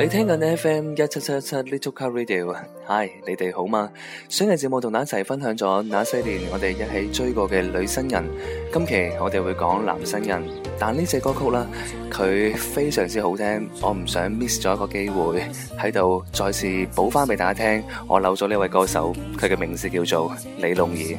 你聽緊 F M 一七七七 Little Car Radio，Hi，你哋好嗎？上日節目同大家一齊分享咗那些年我哋一起追過嘅女新人。今期我哋會講男新人，但呢隻歌曲啦，佢非常之好聽，我唔想 miss 咗一個機會喺度再次補翻俾大家聽。我漏咗呢位歌手，佢嘅名字叫做李龍兒。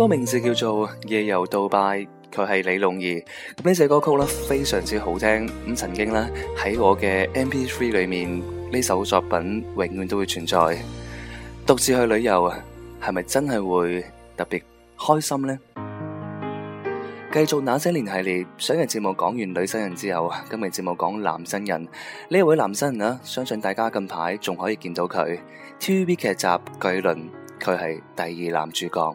歌名字叫做《夜遊杜拜》，佢係李龍兒。呢隻歌曲咧非常之好聽，咁曾經咧喺我嘅 M P three 裏面呢首作品永遠都會存在。獨自去旅遊啊，係咪真係會特別開心呢？繼續那些年系列，上日節目講完女新人之後，今日節目講男新人。呢位男新人呢，相信大家近排仲可以見到佢。T V B 劇集《巨輪》，佢係第二男主角。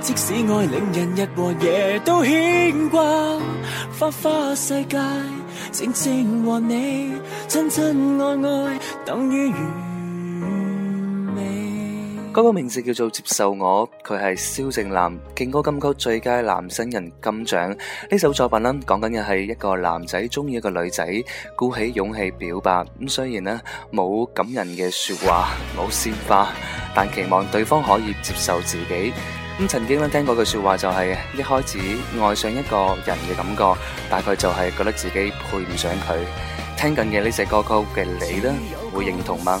即使愛令人日和夜都牽掛，花花世界靜靜和你親親愛愛，等於完美。嗰個名字叫做接受我，佢係蕭正楠勁歌金曲最佳男新人金獎呢首作品呢，講緊嘅係一個男仔中意一個女仔鼓起勇氣表白咁，雖然呢冇感人嘅說話冇鮮花，但期望對方可以接受自己。曾經聽過句說話就係、是、一開始愛上一個人嘅感覺，大概就係覺得自己配唔上佢。聽緊嘅呢隻歌曲嘅你呢，有會認同嗎？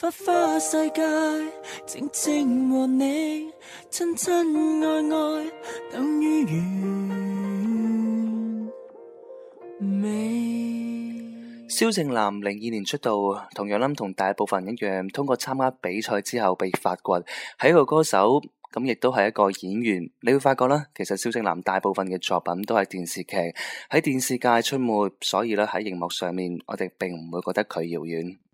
花花世界，靜靜和你，親親愛愛，等於完美。蕭正楠零二年出道，同楊諗同大部分一樣，通過參加比賽之後被發掘，係一個歌手，咁亦都係一個演員。你會發覺啦，其實蕭正楠大部分嘅作品都係電視劇，喺電視界出沒，所以呢，喺熒幕上面，我哋並唔會覺得佢遙遠。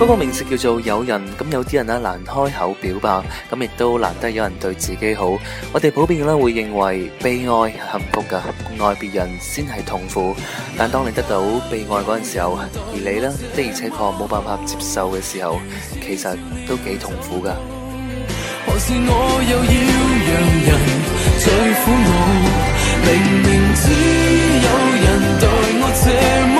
嗰個名詞叫做有人，咁有啲人呢難開口表白，咁亦都難得有人對自己好。我哋普遍咧會認為被愛係幸福㗎，愛別人先係痛苦。但當你得到被愛嗰陣時候，而你呢的而且確冇辦法接受嘅時候，其實都幾痛苦㗎。何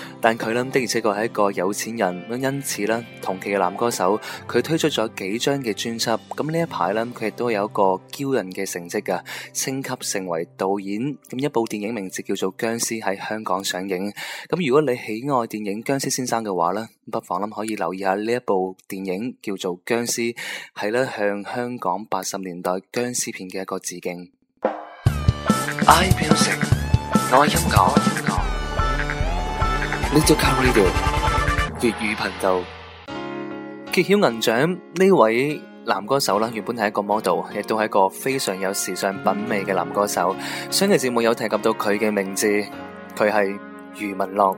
但佢咧，的而且確係一個有錢人咁。因此呢，同期嘅男歌手佢推出咗幾張嘅專輯，咁呢一排呢，佢亦都有一個驕人嘅成績㗎，升級成為導演，咁一部電影名字叫做《殭屍》喺香港上映。咁如果你喜愛電影《殭屍先生》嘅話呢，不妨諗，可以留意下呢一部電影叫做《殭屍》，係咧，向香港八十年代殭屍片嘅一個致敬。I Little Cavalier 粵語頻道揭曉銀獎，呢位男歌手啦，原本係一個 model，亦都係一個非常有時尚品味嘅男歌手。上期節目有提及到佢嘅名字，佢係余文樂。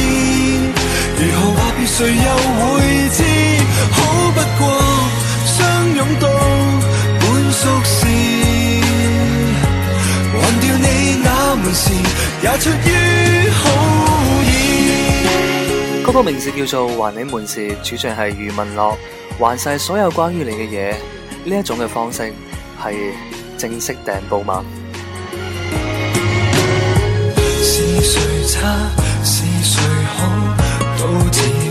誰又會知好不過相擁到，本屬是還掉你那門匙也出於好意。嗰個名字叫做還你門匙，主唱係余文樂，還晒所有關於你嘅嘢。呢一種嘅方式係正式訂報嘛？是誰差是誰好，都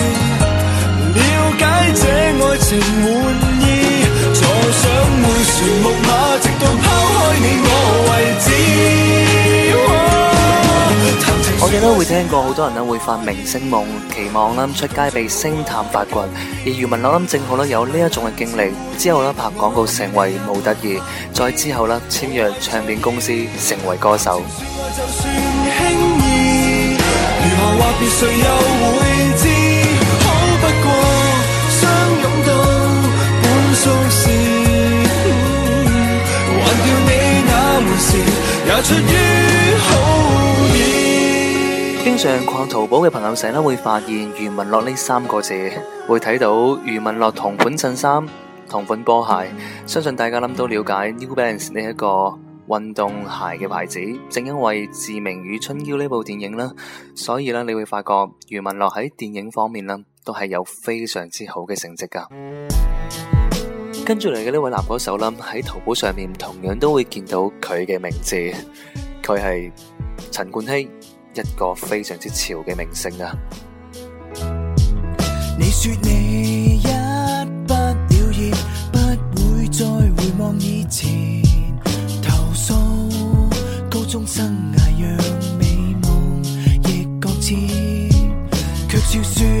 我哋都會聽過好多人咧會發明星夢，期望啦，出街被星探發掘，而余文樂諗正好咧有呢一種嘅經歷，之後咧拍廣告成為模特兒，再之後咧簽約唱片公司成為歌手。經常逛淘寶嘅朋友成日會發現余文樂呢三個字，會睇到余文樂同款襯衫、同款波鞋。相信大家諗到了解 New Balance 呢一個運動鞋嘅牌子，正因為《志明與春嬌》呢部電影啦，所以呢，你會發覺余文樂喺電影方面呢都係有非常之好嘅成績噶。跟住嚟嘅呢位男歌手啦，喺淘寶上面同樣都會見到佢嘅名字，佢係陳冠希。一個非常之潮嘅明星啊！你說你一不表現，不會再回望以前投訴高中生涯讓美夢亦擱淺。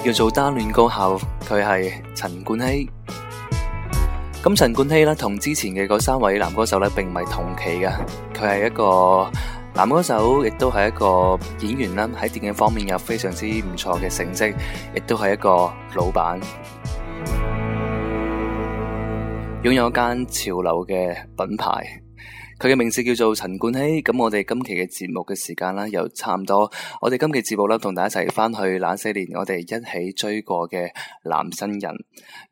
就叫做單戀歌後，佢係陳冠希。咁陳冠希咧，同之前嘅嗰三位男歌手咧，並唔係同期嘅。佢係一個男歌手，亦都係一個演員啦。喺電影方面有非常之唔錯嘅成績，亦都係一個老闆，擁有一間潮流嘅品牌。佢嘅名字叫做陳冠希，咁我哋今期嘅節目嘅時間啦，又差唔多，我哋今期節目啦，同大家一齊翻去那些年我哋一起追過嘅男新人，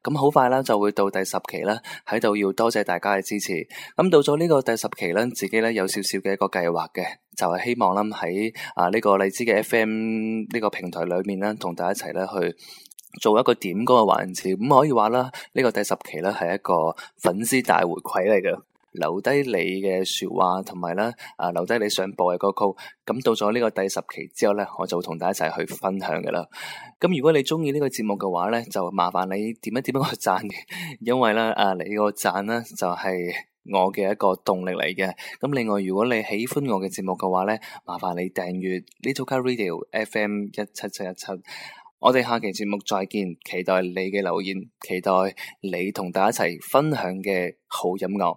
咁好快啦，就會到第十期啦，喺度要多謝大家嘅支持，咁到咗呢個第十期咧，自己咧有少少嘅一個計劃嘅，就係、是、希望啦喺啊呢個荔枝嘅 FM 呢個平台裏面咧，同大家一齊咧去做一個點歌嘅環節，咁可以話啦，呢、這個第十期咧係一個粉絲大回饋嚟嘅。留低你嘅說話，同埋咧啊，留低你想播嘅歌曲。咁到咗呢個第十期之後咧，我就同大家一齊去分享嘅啦。咁如果你中意呢個節目嘅話咧，就麻煩你點一點一個讚，因為咧啊你個讚咧就係我嘅一個動力嚟嘅。咁另外，如果你喜歡我嘅節目嘅話咧，麻煩你訂閱 Little Car Radio FM 一七七一七。我哋下期節目再見，期待你嘅留言，期待你同大家一齊分享嘅好音樂。